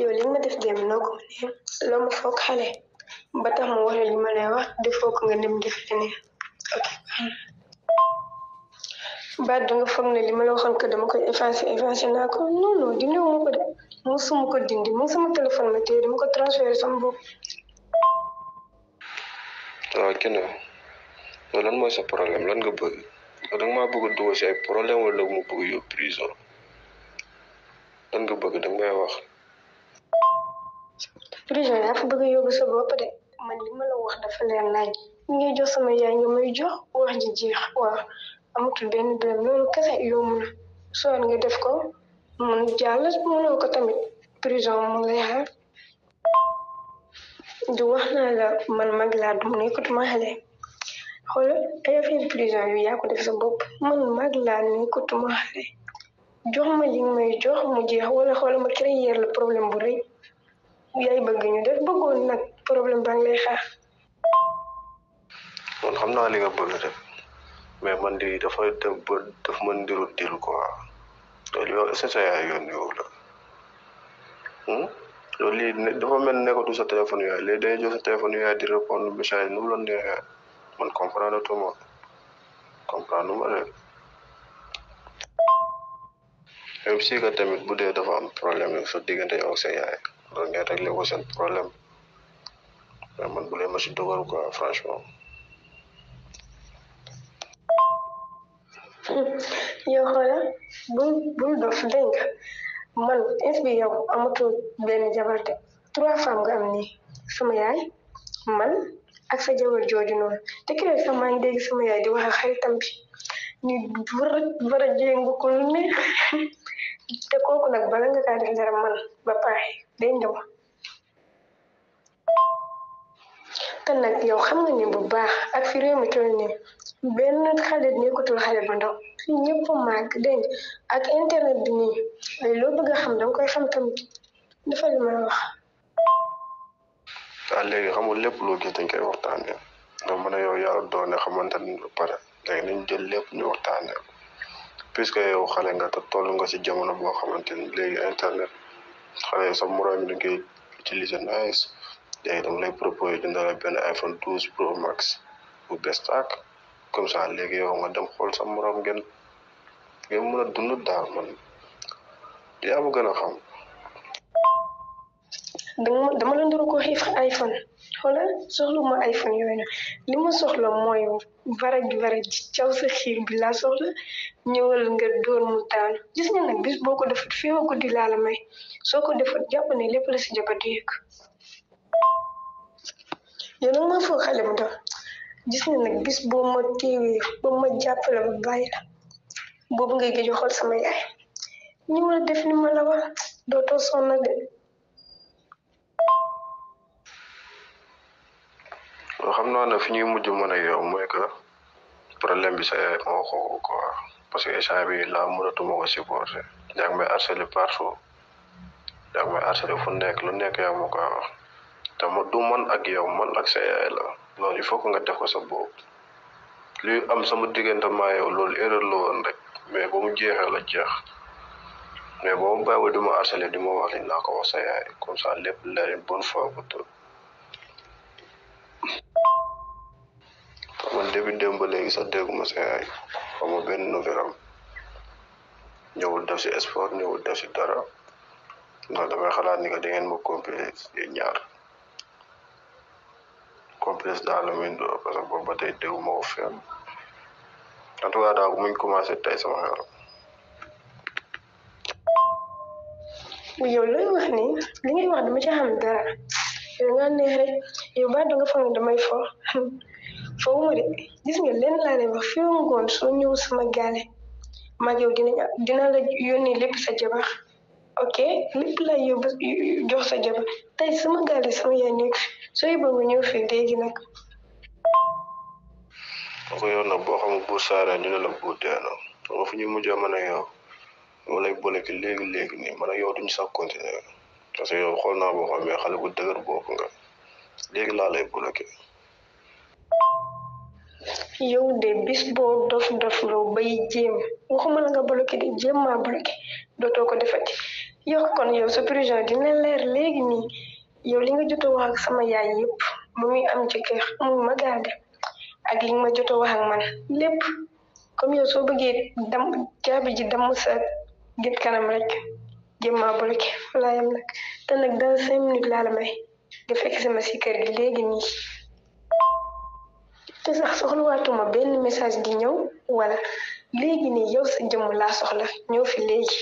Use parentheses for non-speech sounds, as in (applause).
yow li ma def dem noo ko ne lo ma foog xale ba tax mu wax li ma lay wax defoo ko nga dem def leneen ok baat du nga foog ne li ma la waxoon ko dama koy effacé effacé naa ko non non dindi wu ma ko de musuma ko dindi mu sama téléphone ma téye dama ko transféré sama bopp waaw kenn yow lan mooy sa problème lan nga bëgg yow da nga maa bëgg dugal si ay problème wala da bëgg yóbbu prison lan nga bëgg da nga may wax prison yaa fa bëgg a yóbbu sa bopp de man li ma la wax dafa leer nañ ñu ngi jox sama yaay nga may jox wax ji jeex waaw amatul benn benn loolu kese yomb na soo nga def ko mun jàll mënoo ko tamit prison mu lay xaar du wax naa la man mag laa du nekkatuma xale xool ay affaire prison ko def sa bopp man mag laa nekkatuma xale jox ma li may jox mu jeex wala xool ma créer le problème bu rëy yaay bëgg ñu problème ba ngi lay man xam naa li nga bëgg mais man di dafa def ba daf ma ndiru dil quoi loolu yow est-ce hmm? mel nekkatu sa téléphone yaay léegi day jël sa téléphone yaay di répondre message nu mu la man comprendre tuma comprendre ma rek même si que tamit bu de dafa am problème yow sa diggante yow sa yaay doon ngeen réglé ko seen problème mais man bu leen ma si dugal quoi franchement. yow xoolal bul bul dof dégg man est-ce que yow amatul benn jabar trois femmes nga am nii man ak sa jabar jooju noonu te keneen sax maa ngi di wax ak xaritam bi ñu war a war a jéngu ko lu ne (laughs) nag bala nga kaa def dara man ba pare day ñëw te nag yow xam na ni bu baax ak fi réew mi toll nii benn xale nekkatul xale bu ndaw fii ñëpp màgg ak internet bi nii waaye loo xam danga koy xam tamit dafa li ma wax. waaw lépp loo gis dañ koy waxtaanee donc yow yàlla doone xamante ni lu pare léegi nañ jël lépp ñu waxtaanee puisque yow xale nga te toll nga ci jamono boo xamante ni léegi internet. xale yi sa moroom yi dañ koy utiliser nice léegi dama lay proposé dina la benn iPhone 12 Pro Max bu bees tàkk comme ça léegi yow nga dem xool sa moroom ngeen ngeen mën a dund daal man yaa ma gën a xam. dama dama leen di ko xiif iPhone. xoolal soxla ma ay fan yooyu na li ma soxla mooy varaj varaj sa xiir bi soxla ñëwal nga dóor mu daanu gis nga nag bis boo ko defat fii ko di laa la may soo ko defat jàpp ne lépp la si jabar di yëg ma foog xale bu doon gis nga nag bis boo ma téewee ba ma jàppale nga géej xool sama yaay ñu def ni ma la wax de xam naa ne fi ñuy mujj mën a yow mooy que problème bi sa yaay moo ko quoi parce que échange bi laa mënatuma ko supporté yaa ngi may harcelé partout yaa ngi may harcelé fu nekk lu nekk yaa ma koy wax te ma du man ak yow man ak sa yaay la loolu il faut que nga def ko sa boobu li am sama diggante maa yow loolu erreur la woon rek mais ba mu jeexee la jeex mais ba mu bàyyi duma harcelé ma wax li naa ko wax sa yaay comme ça lépp leerin bonne fois pour tout man depuis démb ba léegi sax dégguma sa yaay xaw ma benn nouvelle am ñëwul def si sport ñëwul def si dara ndax damay xalaat ni que da ngeen ma complexe ñaar complexe daal la muy parce que ba tey dégguma ko fenn en tout cas daal bu muñ tey sama xel. bu yow looy wax ni li xam dara yow nga neex rek yow ba da nga foog damay fo. foo mu de gis nga leen laa ne wax fii ngoon soo ñëw sama gaale mag yow dina dina la yónnee lépp sa jabar ok lépp la yóbbu jox sa jabar tey sama gaale sama yaay nekk soo yóbboo nga ñëw fii léegi nag. ko yow nag boo xamul buur saara ñu ne la buur delloo xam fu ñu mujjee mën a yow mu lay boleki léegi léegi nii man ak yow duñu sax continuer parce que yow xool naa boo xam xale bu dëgër bopp nga léegi laa lay yow de bis boo dof dof loo bay jéem waxuma la nga bloqué de jéem maa bloqué ko defati yok kon yow sa prison dina leer léegi nii yow li nga joto a wax sama yaay yëpp mu ngi am ci kër mu ma garde ak li ma jot a man lépp comme yow soo bëggee dam jaabi ji damm sa gét kanam rek jéem maa bloqué walaayam nag te nag dans cinq minutes laa la may nga sama si kër gi léegi te sax soxlawaatuma benn message di ñëw wala léegi nii yow sa jëmm laa soxla ñëw fi léegi